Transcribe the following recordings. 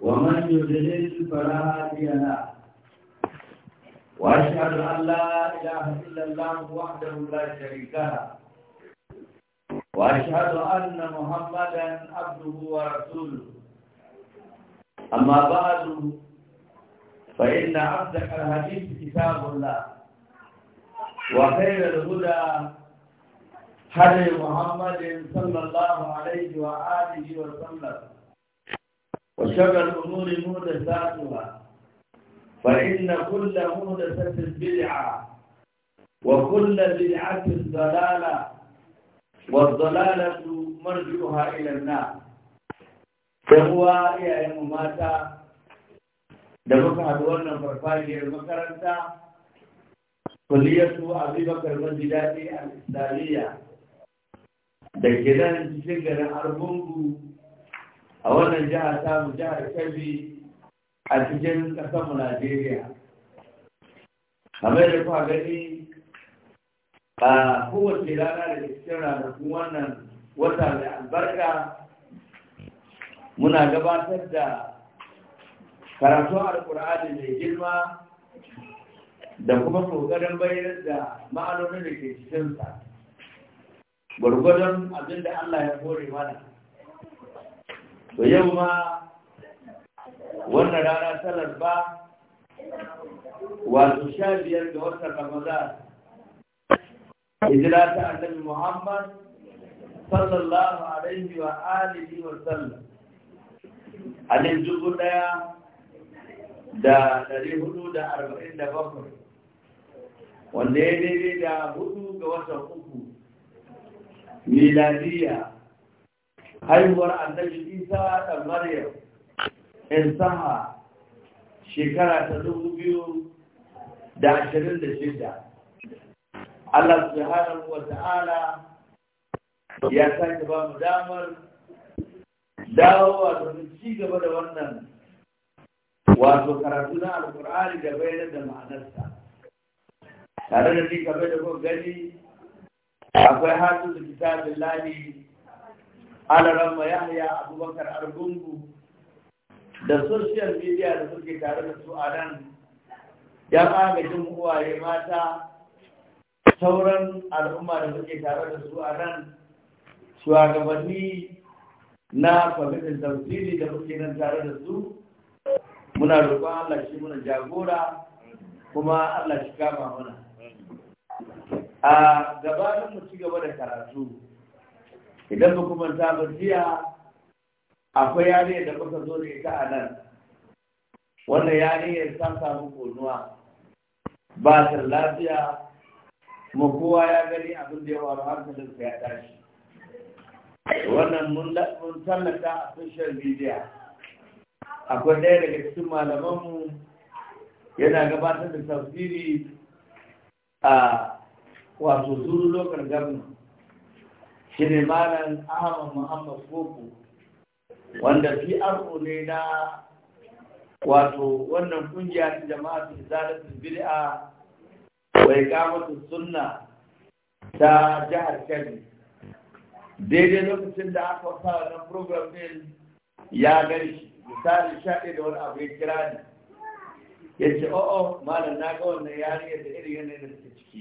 ومن يدلل فلا هادي له واشهد ان لا اله الا الله وحده لا شريك له واشهد ان محمدا عبده ورسوله اما بعد فان عبدك الحديث كتاب الله وخير الهدى هدي محمد صلى الله عليه واله وسلم وشر الأمور مهدساتها فإن كل مهدسة بدعة وكل بدعة ضلالة والضلالة مرجعها إلى النار فهو يا مماتا da muka haɗu wannan farfajiyar makaranta kuliyatu abubakar majidadi al-islamiyya da gidan cikin garin arbungu a wannan jihar ta jihar kabi a cikin kasanmu najeriya kamar da kuwa gani a kowace rana da cikin ranakun wannan wata mai albarka muna gabatar da karatu qurani mai girma da kuma ƙoƙarin bayyana da ma'anonin da ke cikinsa gwargwadon abinda allah ya kore mana to yau ma wannan rana salar ba wato sha biyar ga watan ramadan ijira ta annabi muhammad sallallahu alaihi wa alihi wa sallam a nan dubu daya da dari hudu da arba'in da bakwai wanda ya daidai da hudu ga watan uku miladiya haihuwar annabi isa da maryam insaha shekara ta dubu biyu da ashirin da shida Allah subhanahu wa ta'ala ya sake ba mu damar dawowa domin ci gaba da wannan wato karatu na alkur'ani da bayanar da ma'anarsa tare da ni kamar da gani akwai hatu da kitabin lani alaram ma yahya abubakar argungu da social media da suke tare da su a nan ya agajin uwaye mata sauran al'umma da suke tare da su a nan shugabanni na kwamitin tafsiri da muke nan tare da su muna roƙon Allah shi muna jagora kuma Allah shi kama mana. a gabanin mu ci gaba da karatu idan ba kuma ta jiya akwai yare da kusa zo da ita a nan wannan yare ta samu konuwa ba ta lafiya mu kowa ya gani abin da ya faru hankalinsa ya tashi wannan mun tallata a social media akwai ɗaya daga cikin malamanmu yana gabatar da tafsiri a wato zuru lokar gabna shi ne malam ahmad muhammad boko wanda pro ne na wato wannan kungiya ta jama'a ta zalatul bid'a wai kamatu sunna ta jihar kebbi daidai lokacin da aka fara wannan program din ya gani, shi misali shaɗe da wani abu ya kira ni ya ce o'o oh, oh, malam na ga wannan yariya da irin yanayin da suke ciki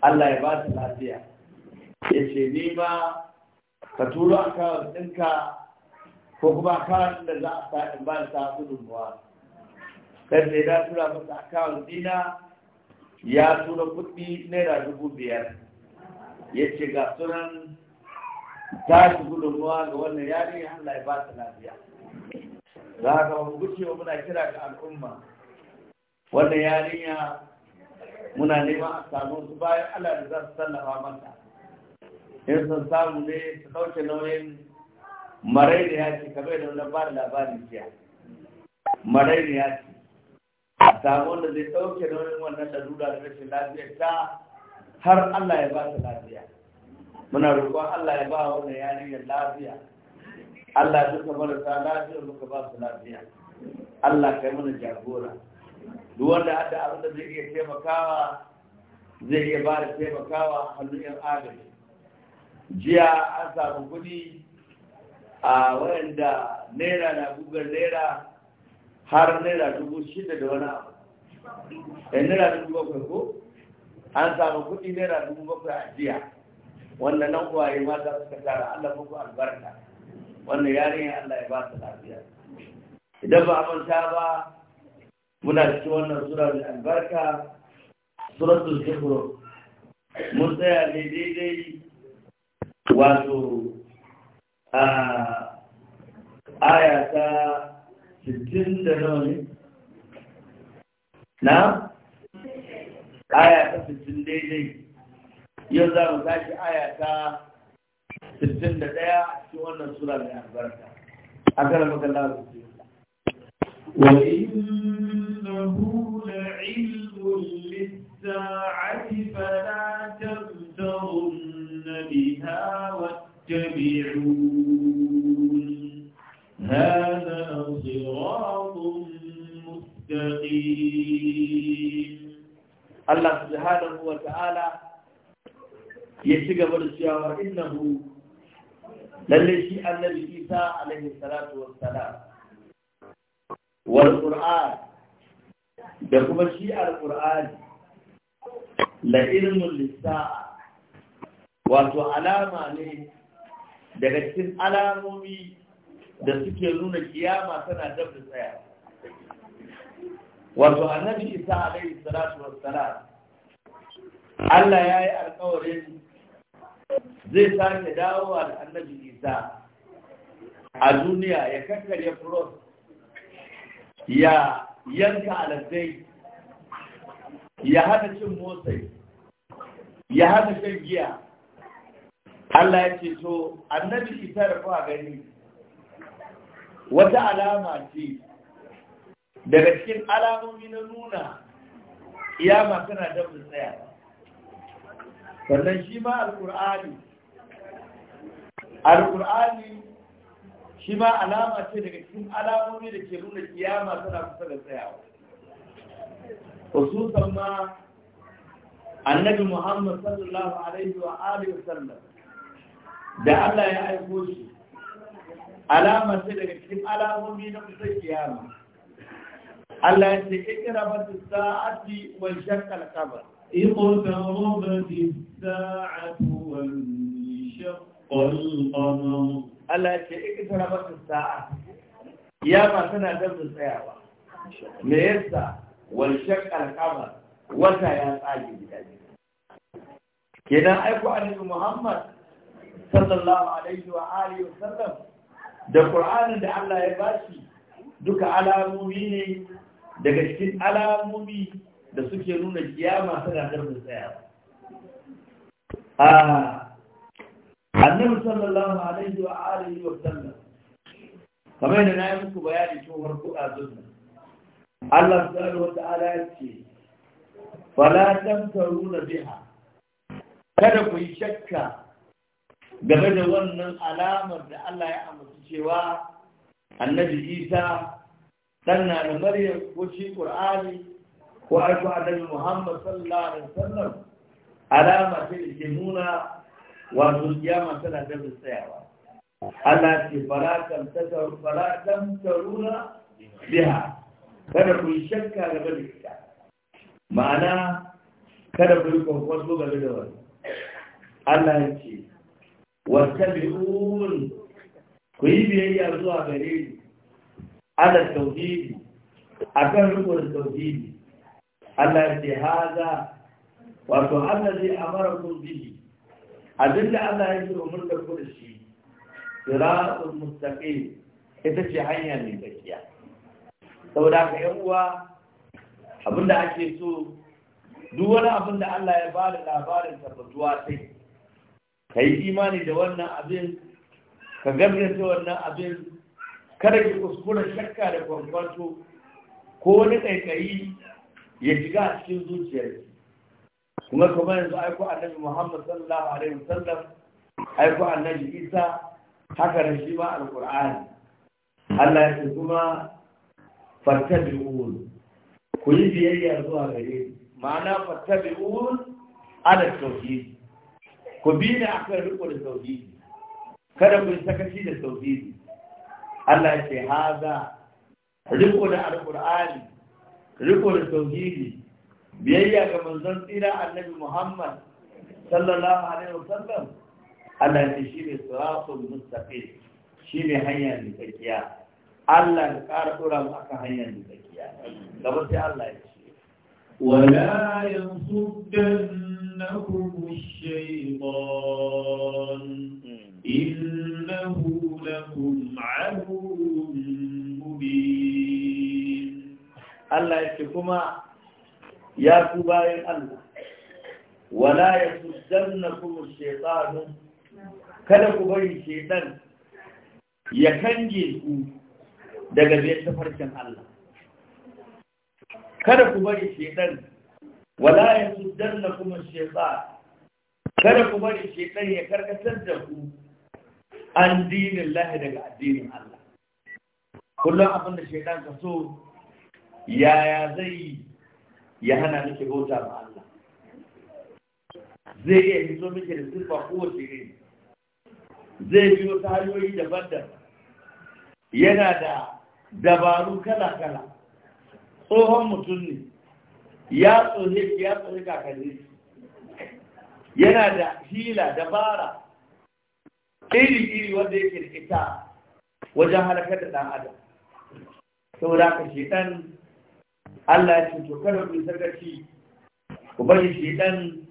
Allah ya ba su lafiya ya ce ni ka turo akawun ɗinka ko kuma kawar da za a sa in ba da sa gudunmuwa kan ne na tura masa akawun dina ya tura kuɗi naira dubu biyar ya ce ga sunan tashi gudunmuwa ga wannan yari Allah ya ba ta lafiya za ka ba mu wa muna kira ga al'umma wannan yarinya muna neman a samu su bayan Allah da za su sallama masa in sun samu ne su ɗauke nauyin marai da ya ce kamar yadda na ba da labarin jiya marai da ya ce a samu wanda zai ɗauke nauyin wannan larura da rashin lafiyar ta har Allah ya ba ta lafiya muna roƙon Allah ya ba wannan yarinyar lafiya Allah duka marasa lafiya muka ba su lafiya Allah kai mana jagora duk wanda hada abin da zai iya taimakawa zai iya ba da taimakawa hannun yan agaji jiya an samu kudi a wayanda naira na gugar naira har naira dubu shida da wani abu ɗan eh, naira dubu bakwai ko an samu kudi naira dubu bakwai a jiya wanda nan kwaye mata suka tara allah muku albarka wanda yarin allah ya ba su lafiya idan ba a ba muna cikin wannan sura mai albarka suratul zuhru mun tsaya ne daidai wato a aya ta 60 da nawa na aya ta 60 daidai yau za mu tashi aya ta 61 cikin wannan sura mai albarka a kan makalla su na hula لعلم الساعة فلا تغترن بها واتبعون هذا صراط مستقيم الله سبحانه وتعالى يتقبل الشيء إنه lalle shi annabi isa alaihi salatu wassalam wal qur'an da kuma shi al qur'ani la ilimin lissa'a wato alama ne daga cikin alamomi da suke nuna kiyama tana dab da tsaya wato annabi isa alaihi salatu wassalam Allah ya yi alkawarin zai sake dawo da annabi isa a duniya ya kakkarya furos ya yanka alazai ya hana cin motsai ya hana shan giya Allah ya ce to annabi isa da kuwa gani wata alama ce daga cikin alamomi na nuna iyama tana da tsaya sannan shi ma alƙur'ani alƙur'ani shi ma alama ce daga cikin alamomi da ke nuna kiyama tana kusa da tsayawa خصوصا ما annabi Muhammad sallallahu alaihi wa alihi wasallam da Allah ya aiko shi alama ce daga cikin alamomi na kusan kiyama Allah ya ce ikrabatu sa'ati wal shaqqal qabr iqtarabati sa'atu wal shaqqal qamar Allah ya ce ikrabatu sa'ati kiyama tana da tsayawa me yasa wal shaqqal wata ya tsage gida kenan aiko annabi Muhammad sallallahu alaihi wa alihi wa sallam da Qur'anin da Allah ya bashi duka alamomi ne daga cikin alamomi da suke nuna kiyama tana da tsaya ah annabi sallallahu alaihi wa alihi wa sallam kamar da na yi muku bayani tun farko a zuwa Allah subhanahu wata'ala ya ce fala tamtaruna biha kada ku yi shakka game da wannan alamar da Allah ya amince cewa annabi Isa dan na da Maryam ko shi Qur'ani ko aiko annabi Muhammad sallallahu alaihi wasallam alama ce da ke nuna wato kiyama tana da tsayawa Allah ce fala tamtaruna biha kada ku yi shakka game da ita ma'ana kada ku yi kwakwaso game da wani Allah ya ce wata bi'un ku yi biyayya zuwa gare ni ala tauhidi akan rukun tauhidi Allah ya ce haza wato Allah zai amara ku bihi abinda Allah ya ce umurta ku da shi siratul mustaqim ita ce hanya mai gaskiya saboda ka yan uwa abinda ake so duk wani abin da Allah ya ba da labarin tabbatuwa sai ka yi imani da wannan abin ka gaskata wannan abin kada ki kuskura shakka da kwankwanto, ko wani kaikayi ya shiga a cikin zuciyar. kuma kuma yanzu aiko annabi Muhammad sallallahu alaihi wasallam aiko annabi Isa haka da shi ma alqur'ani Allah ya ce kuma fattabi'un ku yi biyayya zuwa gare ni ma'ana fattabi'un ala tauhid ku bi ni akan riko da tauhid kada ku yi sakaci da tauhid Allah ce haza riko da alqur'ani riko da tauhidi biyayya ga manzon tsira annabi Muhammad sallallahu alaihi wasallam Allah ce shi ne siratul mustaqim shi ne hanya mai tsakiya Allah ya ƙara ɗora mu akan hanyar da ya. gaba sai Allah ya ce wala yansuddannakum ash-shaytan innahu lakum aduwwun mubin Allah ya ce kuma ya ku bayan Allah wala yansuddannakum ash-shaytan kada ku bari shaytan ya kange ku daga ta tafarkin Allah kada ku bari shekar, wala ya na kuma shaytan kada ku bari shekar ya karkatar da ku an dinin lahi daga addinin Allah kullum abin da shekar ka so yaya zai yi ya hana miki bauta ma Allah zai iya hito miki da sirfa kowace ne. zai biyo ta hanyoyi daban-daban yana da dabaru kala-kala tsohon mutum ne ya tsohe ya tsohe kakanni yana da hila dabara iri-iri wanda yake da ita wajen halakar da ɗan adam aka ce shedan Allah ya ce kada sarkaci ku bari shedan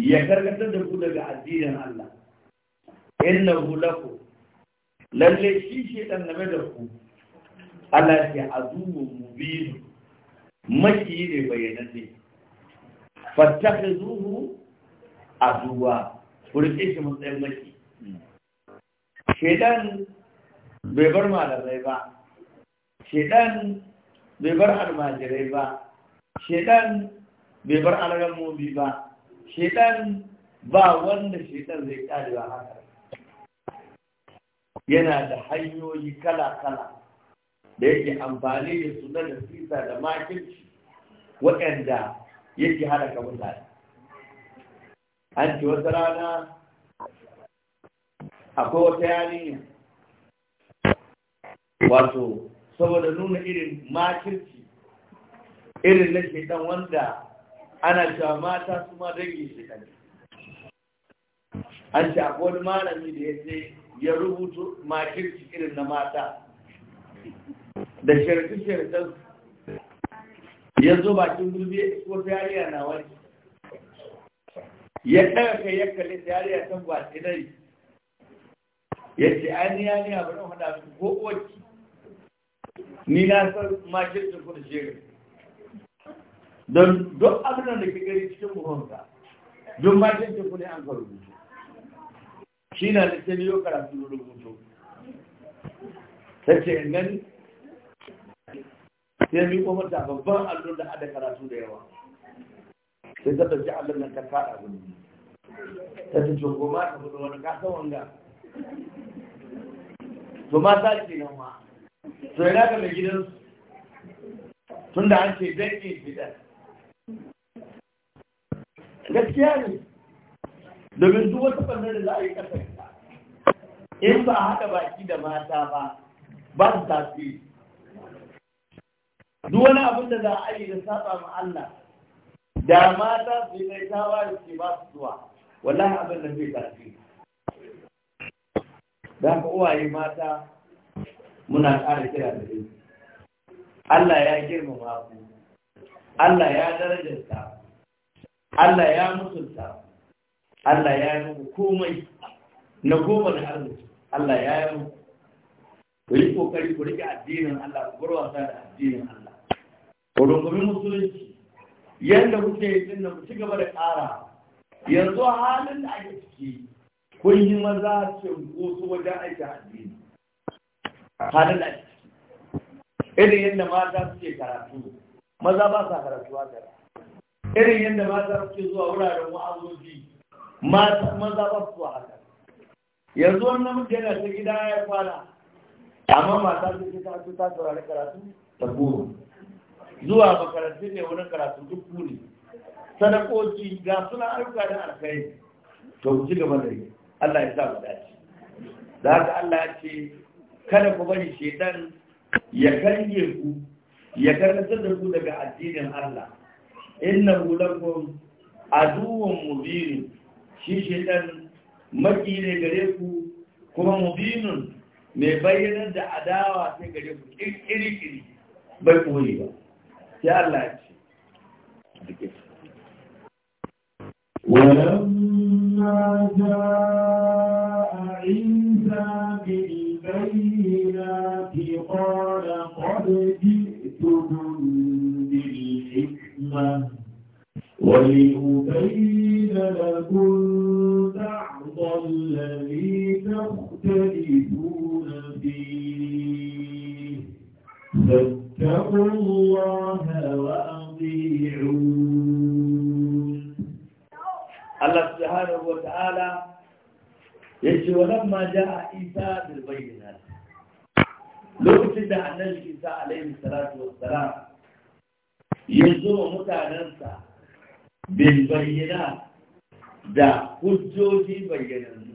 ya karkatar da ku daga addinin Allah innahu hulaku lalle shi shedan game da ku Allah ya azumu mubin maki ne zuhu fattakhizuhu azuwa kurke shi matsayin maki shedan bai bar malamai ba shedan bai bar almajirai ba shedan bai bar alramomi ba shedan ba wanda shedan zai karewa haka yana da hanyoyi kala-kala da yake amfani da sunan da sisa da makirci waɗanda yake haraka mutane an ce wata rana akwai wata yarinya wato saboda nuna irin makirci irin na shekan wanda ana cewa mata su ma dangin shaitan an ce akwai wani malami da ya ce ya rubuta makirci irin na mata da shirke-shirken ya zo bakin gurbi ya isko tariya na wani ya ɗaga kai ya kalli tariya kan ba tsinari ya ce ainihin ya ne a bari hada su ko oci ni na san makin su kuma shirin don duk abinan da ke gari cikin buhonka don makin su kuma an ka rubutu shi na da sai yau karatu rubutu ta ce nan ya mi kuma da babban allon da hada karatu da yawa sai ta ɗauki allon nan ta kaɗa gudu ta ta jogo ma ta gudu wani kasa wanga to mata ke nan ma to yana ga mai gidansu tun da an ce danki fitar gaskiya ne domin duk wata ɓannar da za a yi ƙasar in ba a haɗa baki da mata ba ba su tasiri duk wani abin da za a yi da saba ma Allah da mata su yi kai tawa da ke ba su zuwa wallahi abin da zai tafi da ka uwaye mata muna ƙara kira da su Allah ya girmama ku Allah ya darajarta Allah ya mutunta Allah ya yi muku komai na goma da arziki Allah ya yi muku ku yi kokari ku rike addinin Allah ku bar wasa da addinin Allah rungumi musulunci yadda kuke yi da ku ci gaba da ƙara yanzu halin da ake ciki kun yi maza cinkoso wajen aiki addini halin da ake ciki irin yadda mata suke karatu maza ba sa karatu haka irin yadda mata suke zuwa wuraren wa'azoji maza ba su haka yanzu wani namiji yana ta gida ya kwana amma mata suke ta ta saurari karatu ta goro zuwa makarantun ne wani karatu duk ne sadakoki ga suna aruka da alkhairi to ci gaba da yi Allah ya sa mu dace da haka Allah ya ce kada ku bari shedan ya karye ku ya karantar da ku daga addinin Allah inna lakum aduwwun mubin shi shedan maki ne gare ku kuma mubinun mai bayyanar da adawa sai gare ku kirkiri bai koyi ba يا الله ولما جاء عيسى بالبينات قال قد جئتكم بالحكمة ولأبين لكم بعض الذي تختلفون فيه Allah subhanahu wa ta’ala ya ce wa nan ma ja a isa da bayyana lokacin da annal isa alayhi salatu wa salam ya zuwa mutanensa bin bayyana da hujjoji bayyanannu.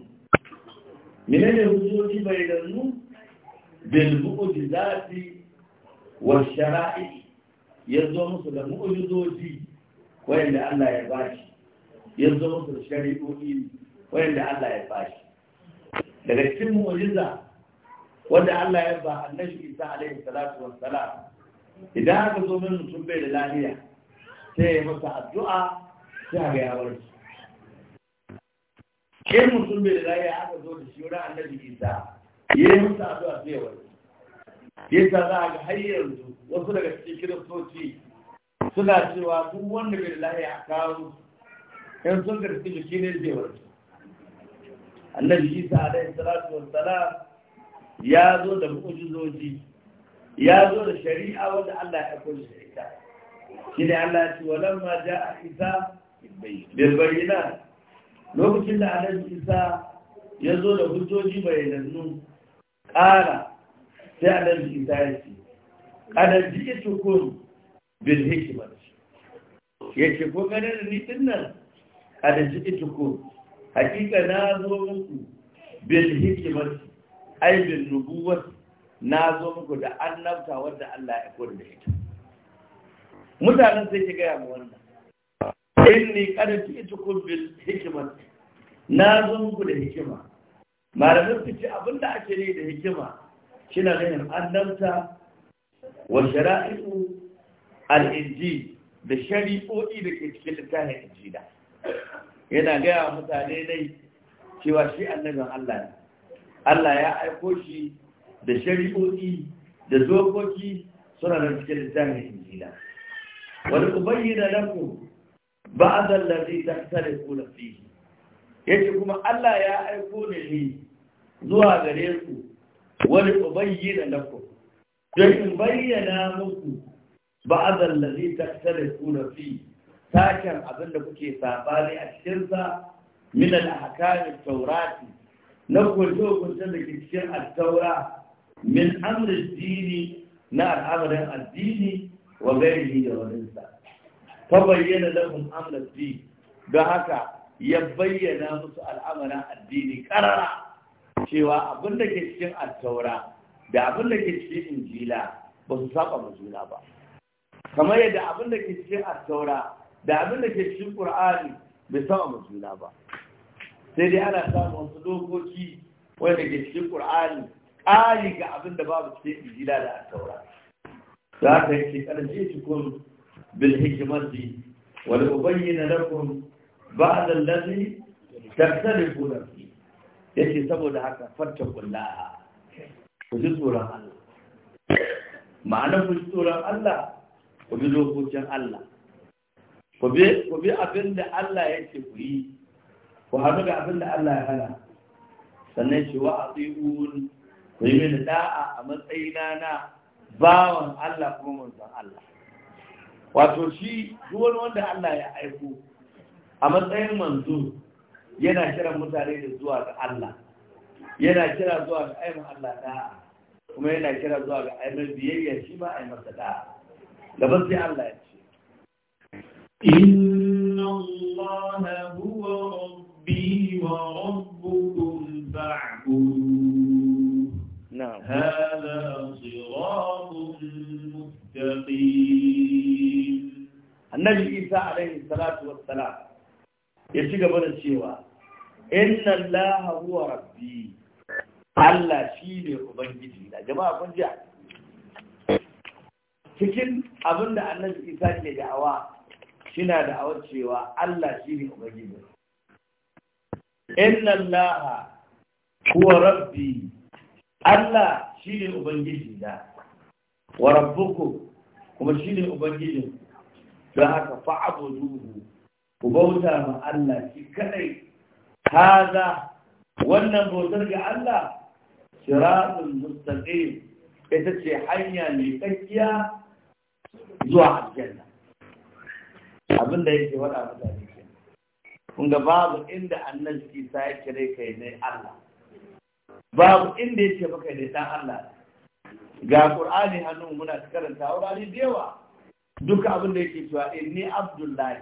Mene hujjoji bayyanannu? Bin buɗe zafi wa shara'i ya zo musu da mu'ujizoji wayanda Allah ya bashi ya zo musu da shari'o'i wayanda Allah ya bashi daga cikin mu'ujiza wanda Allah ya ba annabi Isa alaihi salatu wassalam idan aka zo min mutum bai da lafiya sai ya masa addu'a sai ga ya warke in mutum bai da lafiya aka zo da shi wurin annabi Isa yayin masa addu'a sai ya warke yadda za a ga har yanzu wasu daga cikin kiristoci suna cewa duk wanda bai lahi a kawo yan sun karfi jiki ne zai warke annabi isa alaihi salatu wassalam ya zo da mu'jizoji ya zo da shari'a wanda Allah ya aiko shi ita ne Allah ya ce walamma ja'a isa bil bayyinat lokacin da annabi isa ya zo da hujjoji bayyanannu ƙara sai annabi isa ya ce kada ji tukun bil hikmat ya ce ko kada ni dinnan kada ji tukun hakika na zo muku bil hikmat ai bil nubuwat na zo muku da annabta wanda Allah ya kodin da ita mutanen sai ki gaya mu wannan inni kada ji tukun bil hikmat na zo muku da hikima malamin su ce abinda ake ne da hikima kina ganin annabta wa shara'i'u al-injil da shari'o'i da ke cikin littafin injila yana gaya wa mutane dai cewa shi annabin Allah ne Allah ya aiko shi da shari'o'i da dokoki suna da cikin littafin injila wani ubayyana lakum ba'd allazi tahtalifu fihi yace kuma Allah ya aiko ne zuwa gare ku wani da lakum don in bayyana muku ta ladhi suna fi taken abin da kuke sabali a cikinsa, sa min al taurati na kunce-kunce da ke cikin at-taura min amurin dini na al'amarin addini wa gairi da waninsa ta bayyana lafin amurin dini don haka ya bayyana musu al'amarin addini karara cewa abin da ke cikin Altaura da abin da ke cikin injila ba su saba ma juna ba kamar yadda abin da ke cikin Altaura da abin da ke cikin qur'ani bai saba ma juna ba sai dai ana samun wasu dokoki wanda ke cikin qur'ani ƙari ga abin da babu cikin injila da altaura za ka yi shi cikin bil hikimati wal ubayyana lakum ba'da allazi takhtalifuna yace saboda haka kula ku ji tsoron Allah ma'ana ku ji tsoron Allah ku bi dokokin Allah ku bi abin da Allah ya ce ku yi ku haɗu ga abin da Allah ya hana sannan shi wa a tsibun ku yi mini da'a a matsayina na bawan Allah kuma manzon Allah wato shi duk wanda Allah ya aiko a matsayin manzo yana kiran mutane da zuwa ga Allah yana kira zuwa ga aimin Allah da'a kuma yana kira zuwa ga aimin biyayya shi ma aimin sa da'a gaban sai Allah ya ce inna Allah huwa rabbi wa rabbukum fa'budu na'am hada siratun mustaqim annabi Isa alaihi salatu wassalam ya ci gaba da cewa inna allaha huwa rabbi Allah shi ne ubangiji da jama'a kun ji cikin abin da annabi Isa ke da'awa shina da'awar cewa Allah shi ne ubangiji inna allaha huwa rabbi Allah shi ne ubangiji da wa rabbukum kuma shi ne ubangiji don haka fa'abuduhu ku bauta ma Allah shi kadai هذا wannan bautar ga Allah siratul mustaqim ita ce hanya mai kakkiya zuwa aljanna abin da yake wada mutane ke kun ga babu inda annabi Isa ya kire kai ne Allah babu inda yake baka ne dan Allah ga Qur'ani hannun muna karanta aure da yawa duka abin da yake cewa inni abdullahi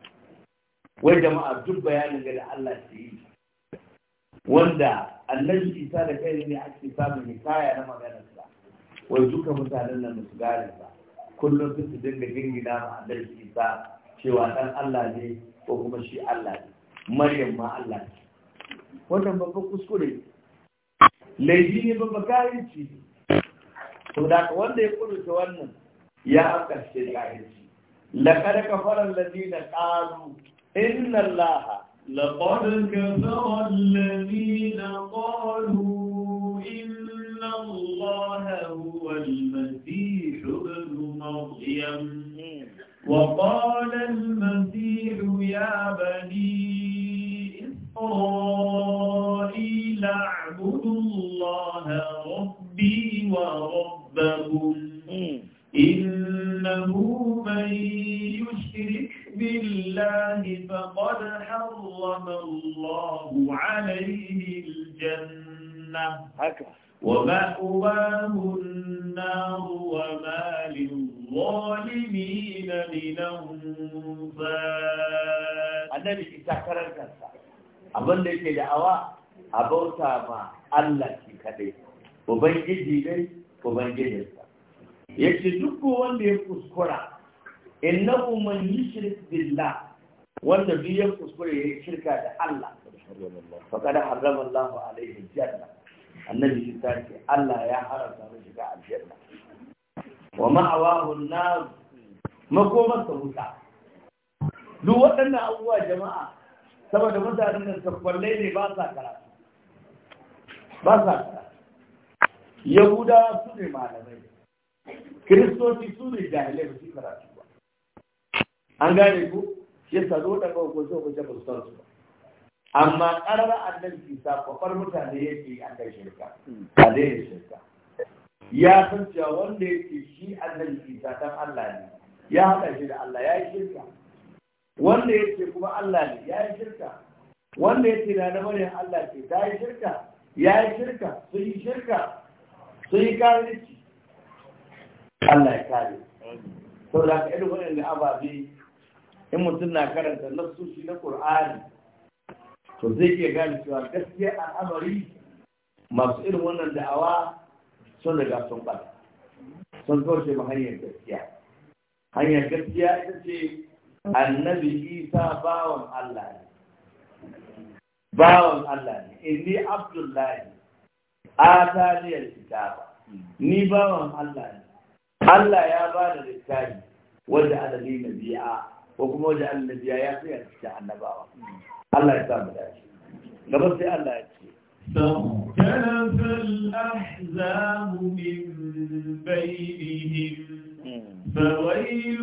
wai jama'a duk bayanin ga da Allah ke yi wanda annabi isa da kai ne ake samun hikaya na maganarsa wai duka mutanen nan su gane sa kullum su su dinga gingina ma annabi isa cewa dan Allah ne ko kuma shi Allah ne maryam ma Allah ne wannan babban kuskure laifi ne babban kayanci to da wanda ya kurta wannan ya aka shi kayanci laqad kafara alladhina qalu إن الله لقد كفر الذين قالوا إن الله هو المسيح ابن مريم وقال المسيح يا بني إسرائيل اعبدوا الله ربي وربكم إنه من يشرك بالله فقد حرم الله عليه الجنة ومأواه النار وما للظالمين من أنفاس النبي تذكر الكلام abin da yake da'awa a bauta ma Allah shi kadai ubangiji dai ubangijinsa yace duk wanda kuskura innahu man yushrik billah wanda duk ya kuskure ya shirka da Allah faqad harrama Allahu alaihi janna annabi ya ce Allah ya haramta mu shiga aljanna wa ma'awahu an-nar makomar ta wuta duk waɗannan abubuwa jama'a saboda mutanen da sakwallai ne ba sa karatu ba sa karatu su ne malamai kiristoci su ne jahilai ba su karatu an gane ku ya zo da kawai ko so kuce ba su su ba amma karar annabi isa kwafar mutane yake a kan shirka a dai shirka ya san cewa wanda yake shi annabi isa dan Allah ne ya haɗa shi da Allah ya yi shirka wanda yake kuma Allah ne ya yi shirka wanda yake da na Allah ce ta yi shirka ya yi shirka sun yi shirka sun yi kafirci Allah ya kare saboda ka irin waɗanda ababe in mutum na karanta shi na ƙur'ani. to zai iya gane cewa gaskiya al'amari masu irin wannan da'awa sun daga sun bada sun kauce ma hanyar gaskiya hanyar gaskiya ita ce annabi isa bawan Allah ne bawan Allah ne inni abdullahi ataliyar kitaba ni bawan Allah ne Allah ya ba da littafi wanda adali na biya ko kuma wajen annabiya ya tsaya cikin annabawa Allah ya samu dace gaba sai Allah ya ce فاختلف الأحزاب من بينهم فويل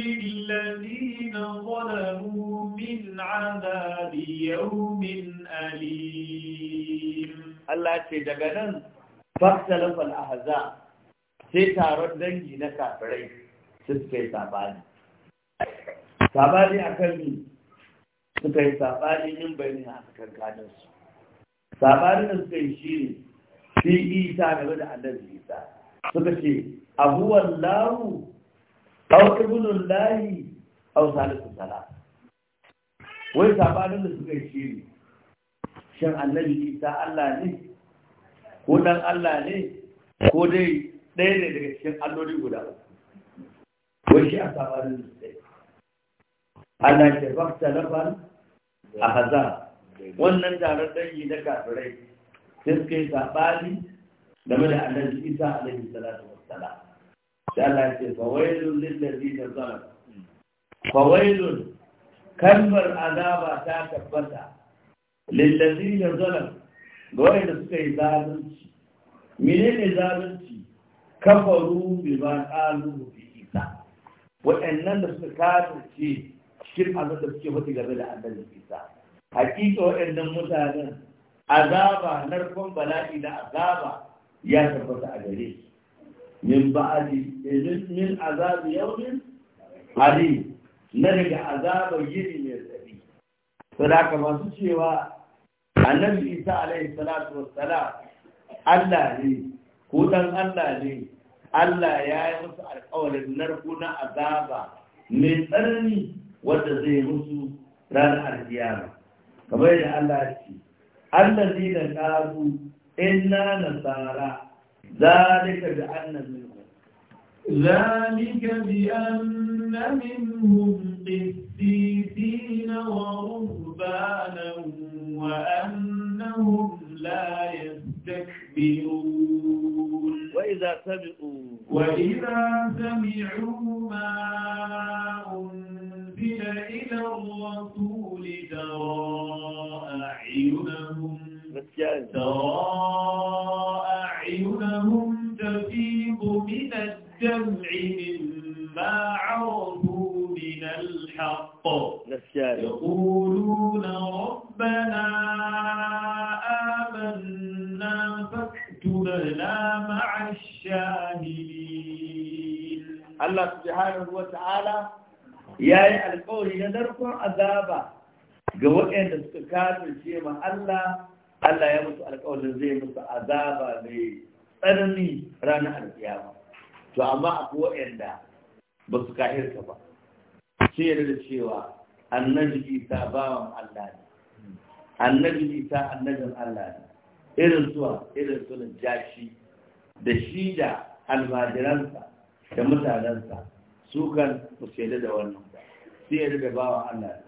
للذين ظلموا من عذاب يوم أليم الله فاختلف الأحزاب sai taron dangi na kafirai suka yi sabani sabani a kan ne suka yi sabani yin bayani a kankaninsu sabani da suka yi shi ne fi isa game da annabi isa suka ce "Abu wallahu, aw ibnun lahi aw salisu sala wai sabanin da suka yi shi ne shin annabi isa allah ne ko dan allah ne ko dai ɗaya ne daga cikin alloli guda wai shi a sabanin da Ana ke ta lafan a haza wannan taron dangi na kafirai sun kai yi saɓani game da annabi isa alaihi salatu wassalam da Allah ya ce fawailun lillazi da zan fawailun kalmar azaba ta tabbata lillazi da zalam ga wanda suka yi zalunci menene zalunci kafaru bi ma qalu bi isa wa'annan da suka kafirce shirka zata suke mutu game da annabi Isa hakika waɗannan mutanen azaba narkon bala'i da azaba ya tabbata a gare min ba'adi min azabi yawmin ali na daga azabar yiri mai tsari sadaka masu cewa annabi Isa alaihi salatu wassalam Allah ne ko dan Allah ne Allah ya yi musu alƙawarin narko na azaba mai tsanani wanda zai musu ranar alkiyama kamar yadda Allah ya Allah allazi da qalu inna nasara zalika bi anna minhum zalika bi anna minhum qissisina wa ruhbanan wa annahum la yastakbirun wa idza sami'u wa idza sami'u ya yi alkawari na narkon azaba ga waɗanda suka kafirce ma Allah Allah ya musu alkawarin zai musu azaba mai tsanani ranar alkiyama to amma akwai waɗanda ba su kahirka ba sun yarda da cewa annabi isa bawan Allah ne annabi isa annabin Allah ne irin suwa irin su jashi da shi da almajiransa da mutanensa su kan su da wannan sai ya riga wa Allah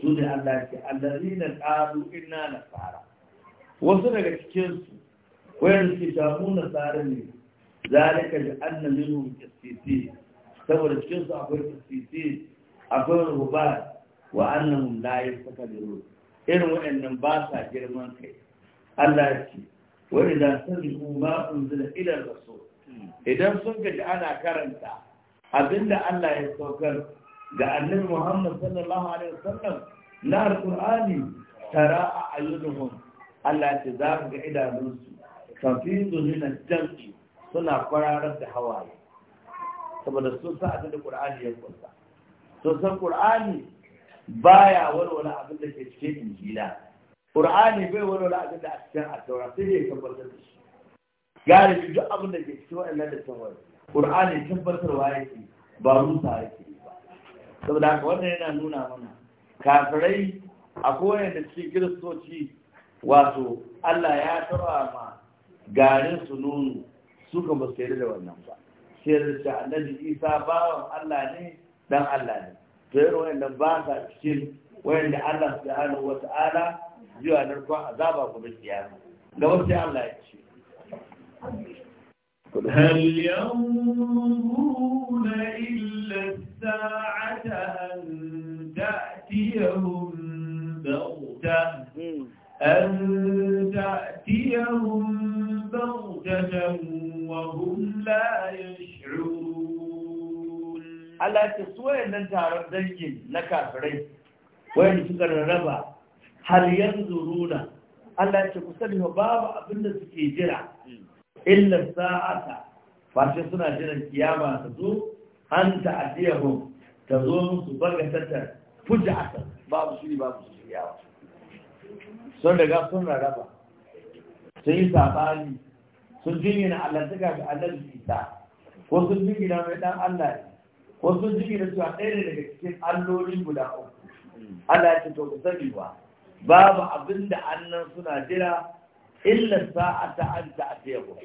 su ne Allah ke ƙaru ina na fara. wasu daga cikinsu. cikin su wayanda suke samu nasara ne zalika bi anna minhum qissisi saboda cikinsu akwai qissisi akwai rubat wa annan annahum la yastakbirun irin waɗannan ba sa girman kai Allah ya ce wa idza sami'u ma unzila ila rasul idan sun gaji ana karanta abinda Allah ya saukar ga annabi Muhammad sallallahu alaihi wasallam na alqur'ani tara a ayyunuhum Allah ya za mu ga idanunsu tafizu min al-jam'i suna kwararar da hawaye saboda su sa abin da qur'ani ya kunsa to san qur'ani baya walwala abin da ke cikin injila qur'ani bai walwala abin da a cikin at sai dai ka tabbatar da shi gari duk abin da ke cikin wannan da tawar qur'ani tabbatar waye ba rusa yake saboda haka wannan yana nuna mana kafirai a kowane da cikin kiristoci wato Allah ya taba ma garin su nono suka ba su da wannan ba sai da ta annabi Isa bawan Allah ne dan Allah ne to irin da ba sa cikin da Allah subhanahu wata'ala zuwa narkon azaba gobe kiyama gaba sai Allah ya ce هل ينظرون إلا الساعة أن تأتيهم بغتة أن تأتيهم بغتة وهم لا يشعرون Allah ta so nan taron danki na kafirai wayanda suka rarraba har yanzu runa Allah ta kusa da babu abin da suke jira mm. illa sa'ata ba suna jiran kiyama ta zo an ta'adiyahum ta zo musu bagatata fuja'ata babu shiri babu yawa. sun daga sun raraba sun yi sabani sun na allantaka ga allar isa ko sun na mai dan allah ko sun jingina cewa ɗaya ne daga cikin allolin guda uku allah ya ce to ku sani ba babu abin da annan suna jira illa sa'ata an ta'atiyahum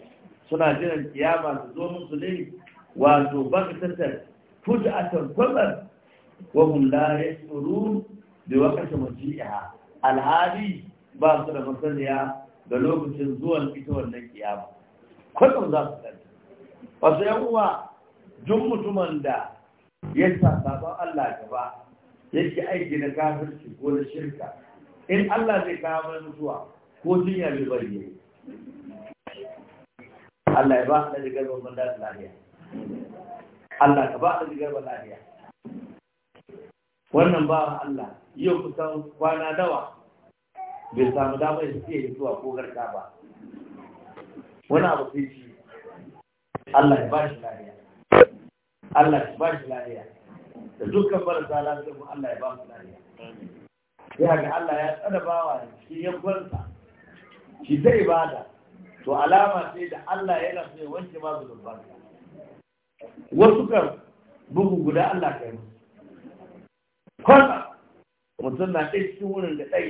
suna jiran kiyama su zo musu ne wato baktatar a kwabar wa hum la da bi waqti maji'iha alhali ba su da masaniya da lokacin zuwan ita wannan kiyama kwatsam za su kanta wasu yan uwa duk mutumin da ya sa Allah gaba yake aiki na kafirci ko na shirka in Allah zai kawo mai mutuwa ko jinya bai bari Allah ya ba da daga su lafiya Allah ka ba da zigar ba lafiya wannan ba Allah yau kusan kwana dawa bai samu damar da suke zuwa ko garka ba wani abu sai shi Allah ya ba shi lafiya Allah ya ba shi lafiya da dukkan marasa lafiyar mu Allah ya ba su lafiya ya haka Allah ya tsada bawa shi yankwansa shi zai bada, to alama sai da Allah yana so ya wanke ma zulubanka wasu kan bugu guda Allah kai yi. kwana mutum na ɗai cikin wurin da ɗai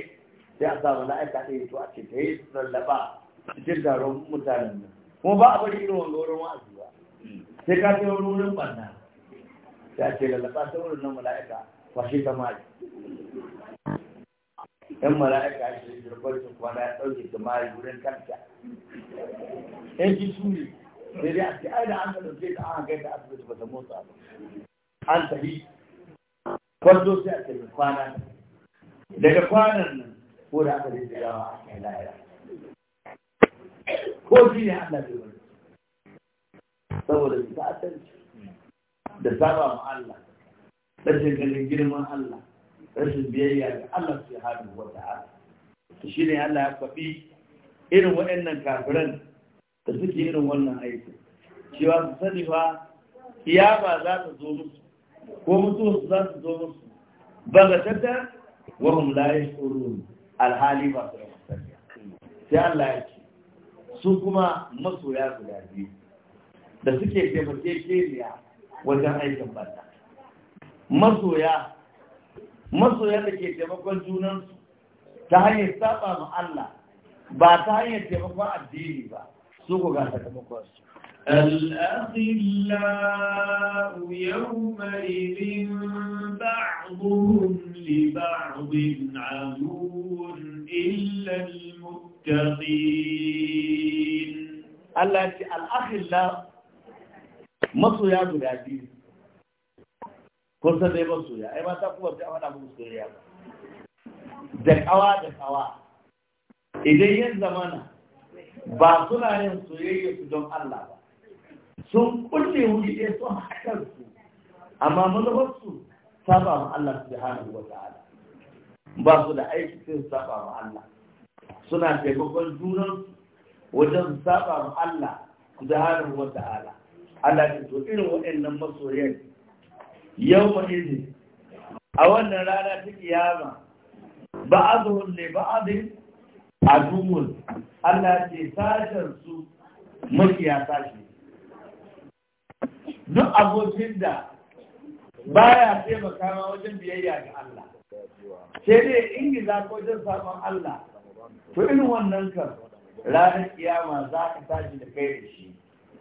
sai a samu aika ɗai to a ce ta yi lallaba cikin taron mutanen nan kuma ba a bari irin wanga wurin wa'azi ba sai ka ce wani wurin ɓanna sai a ce lallaba ta wurin nan mala'ika kwashe ta mari yan mala'ika a ce jirgin kwana ya ɗauke ta mari wurin kanta yan ji suri sai dai a ce ai da an ka ɗauke ta an kai asibiti ba ta motsa ba an tafi kwanto sai a tafi kwana daga kwanan nan ko da aka zai yawa a kai lahira ko shi ne Allah bai saboda su ta'addanci da saba ma Allah rashin ganin girman Allah rashin biyayya da Allah su yi hadu wata ta'ala shi ne Allah ya faɗi irin waɗannan kafiran da suke irin wannan aiki cewa su sani fa kiyama za ta zo musu ko su za ta zo musu ba ga tattar wahum layi yashurun alhali ba su da masaniya sai Allah ya ce su kuma masoya guda biyu da suke taimake keniya wajen aikin banda masoya masoya da ke taimakon junansu ta hanyar saba ma Allah ba ta hanyar taimakon addini ba سوقك الأخلاء يومئذ بعضهم لبعض عدو إلا المتقين الأخلاء مصر يا دولي عزيز كنت يا أي ما تقول يا أولا مصر يا دك أوا دك أوا إذا ينزمانا ba suna yin soyayya su don Allah ba sun kulle wuri ɗaya sun haɗar su amma manufar su saba ma Allah hannu wa ta'ala ba su da aiki sai su saba ma Allah suna taimakon junan wajen saba ma Allah hannu wa ta'ala Allah ya to irin waɗannan masoyan yau ma a wannan rana ta kiyama ba'azuhum li ba'adin A dumul Allah ce sashen su makiya sashe duk abokin da baya taimaka ma wajen biyayya ga Allah sai dai ingiza ko wajen sabon Allah to irin wannan kan ranar kiyama za ka tashi da kai da shi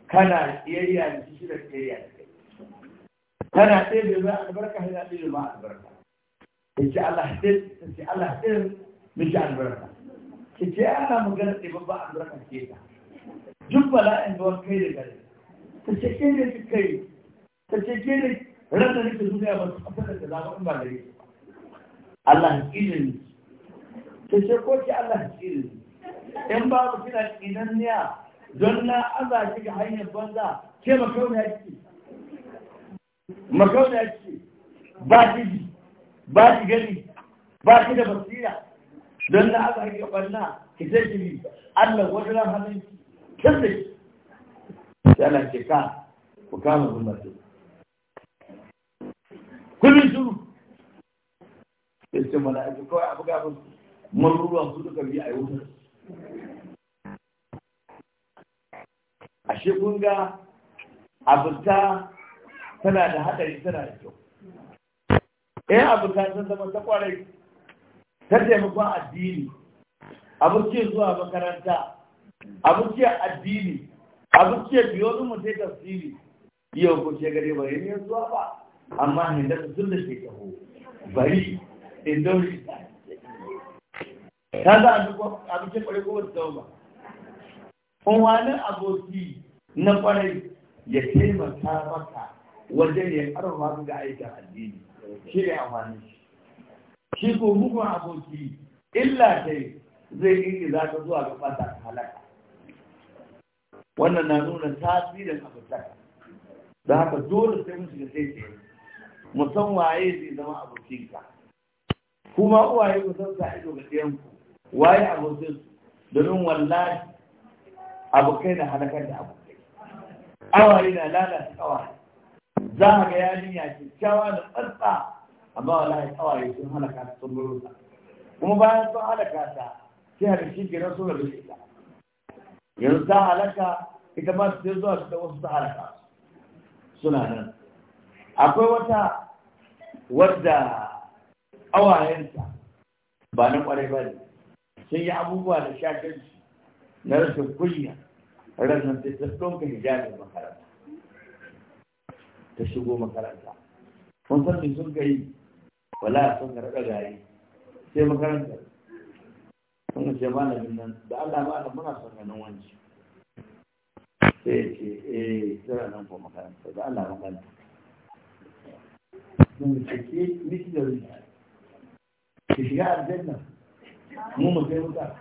kana kiyayya da shi da kiyayya da kai kana ɗaya bai zai albarka hanyar ɗaya bai ma albarka in ce Allah ɗin in ce Allah ɗin miki albarka ki ana ana magana da ba a zurakan ke ta duk bala'in da wani kai da gare ta ce ke da ki kai ta ce ke da rana da ke duniya ba su abin da zama in ba da yake Allah hakirin ne ta ce ko ki Allah hakirin ne in ba mu kina kinanniya don na aza ki ga hanyar banza ke makauna ki makauna ki ba ki ba ki gani ba ki da basira don na aka haƙi ɓanna ki zai yi allah wata ran hannun kirle yana ce ka ku kama zuma su kullum su sai ce mana aiki kawai abu gafin maruruwan su duka biyu a yi wutar ashe kun ga abuta tana da haɗari tana da kyau eh abuta sun zama ta kwarai ta taimakon addini abincin zuwa makaranta abincin addini abincin biyo mu sai tafsiri yau ko shekare ba yin zuwa ba amma ne da tun da taho. bari in indomi ta za a bikin kwarai ko wata zama wani aboki na kwarai ya taimaka maka wajen ya karfa ga aikin addini shi ne amfani shi shi ko mugun aboki illa dai zai iya za ka zuwa ga fata halaka wannan na nuna tasirin abutaka da haka dole sai mun shiga sai musan waye zai zama abokinka kuma uwaye ku san sa ido ga ku, waye abokin su domin wallahi abokai na halakar da abokai awaye na lalata kawai za a ga yarinya kyakkyawa da tsatsa amma wallahi tsawaye sun halaka ta sun buru ta kuma bayan sun halaka ta sai a shi ke rasu da rushe ta yanzu ta halaka ita ma su zuwa su da wasu ta halaka suna nan akwai wata wadda awayenta ba na kwarai ba ne sun yi abubuwa da shakanci na rashin kunya ranar da ta ɗauka hijabin makaranta ta shigo makaranta kun san me sun ka wala sun karɓa gari sai makaranta sun ce malamin nan da Allah ba Allah muna son ganin wanci sai ce eh tsara nan ko makaranta da Allah makaranta mun ce ki miki da ruwa ki shiga aljanna mu mu kai wuta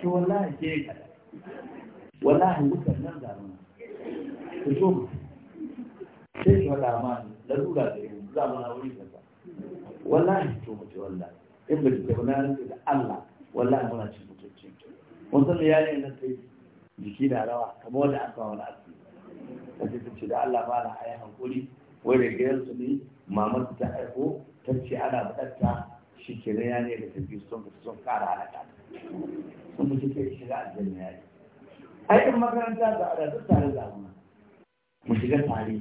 ki wallahi ke ka wallahi wutar nan da mu ku so sai ki faɗa ma lalura da yau za mu na wuri da wallahi to mutu wallahi in ba ki ba na rantsi da Allah wallahi muna cin mutunci mun san ya ne na sai jiki na rawa kamar wanda aka wani asiri sai ta ce da Allah ba na ayi hankuri wai da gayar su ne mamar ta aiko ta ce ana bukatta shi ke na ne da tafi sun sun kara halaka sun mutu ke shiga aljanna yayi aikin makaranta da ana duk tare da mu mu shiga tare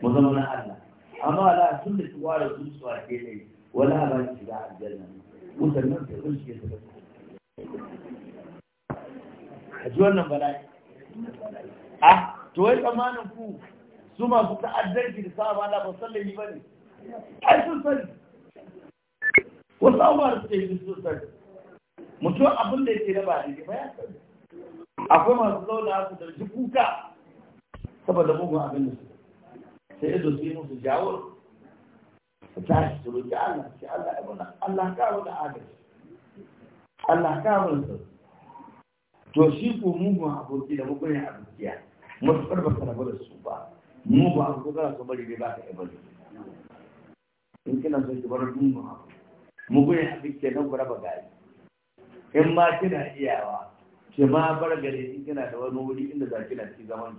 mu zama na Allah amma la tun da su ware su su ake ne wala ba ki shiga aljanna nan sai sun shi su a ji wannan bala'i ah to wai tsamanin ku su masu ta'addanci da sa'a mala ba sallan ba ne ai sun sani wasu abubuwa da suke yi sun sani mutum abin da yake ba da ba ya sani akwai masu zauna su da jikuka saboda mugun abin da su ido su yi musu su roƙi Allah Allah ya Allah ka agaji Allah ka to shi ko da mugun ya abokiya ba ka rabu da su ba bari ba ka in kina so ki bar ya nan gari in ma kina iyawa ki ma bar gari in kina da wani wuri inda za kina ci zaman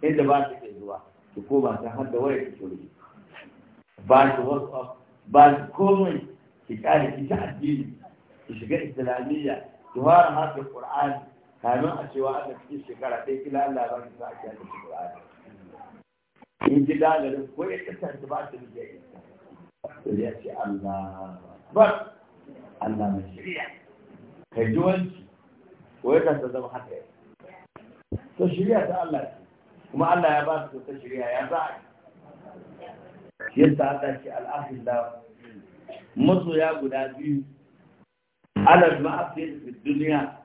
ki inda ba ke zuwa su koma ta har da wayar ki ba shi whatsapp ba shi komai ki kare ki ta addini ki shiga islamiyya ki fara harkar qur'ani kamin a cewa aka cikin shekara ɗaya kila Allah ba ki sa a kiyaye shi qur'ani in ji dagarin ko ya kasance ba ta da ya to ya ce Allah ba Allah mai shirya kai ji wanci ko ya kasance zama haka to shirya ta Allah ce kuma Allah ya ba su kyautar shirya ya za a shi yasa aka ce al'ahillah masoya guda biyu alal ma'afiyar fi duniya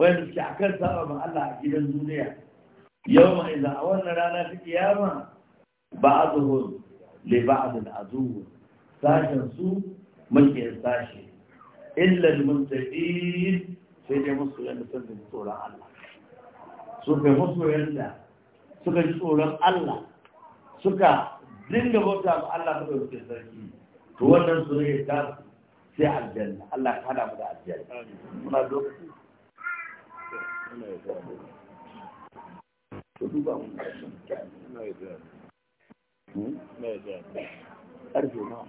wanda suke akan kan ma Allah a gidan duniya yau ma idan a wannan rana ta kiyama ba a zuhun le ba a da azuhu sashen su makiyar sashe illal muntaɗi sai dai musu yadda sun tsoron Allah su kai musu yadda suka ji tsoron Allah suka dinga bauta ma Allah ɗauke sarki to wannan su ne ta sai aljanna Allah ka hada mu da aljanna muna lokaci to duba mu na yadda ƙarfe na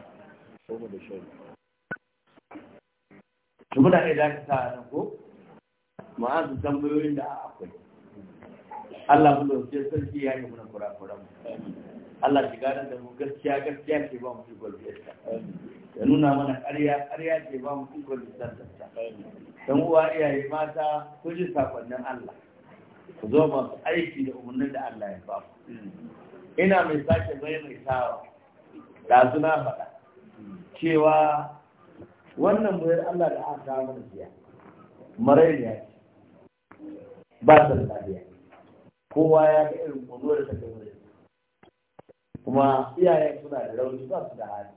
goma da shari su ɗaya da nan ko tambayoyin da akwai Allah mu dauke sarki ya yi muna kurakuran mu Allah shi gane da mu gaskiya gaskiya ke ba mu fi gaskiya ya nuna mana ƙarya ƙarya ke ba mu ikon lissanta dan uwa iyaye mata ku ji sakonnin Allah ku zo masu aiki da umarnin da Allah ya ba ku ina mai sake maimaitawa da na faɗa cewa wannan bayar Allah da aka kawo mana ne ya ce ba ta lafiya kowa ya ga irin kuzo da kuma iyayen suna da rauni ba su da hali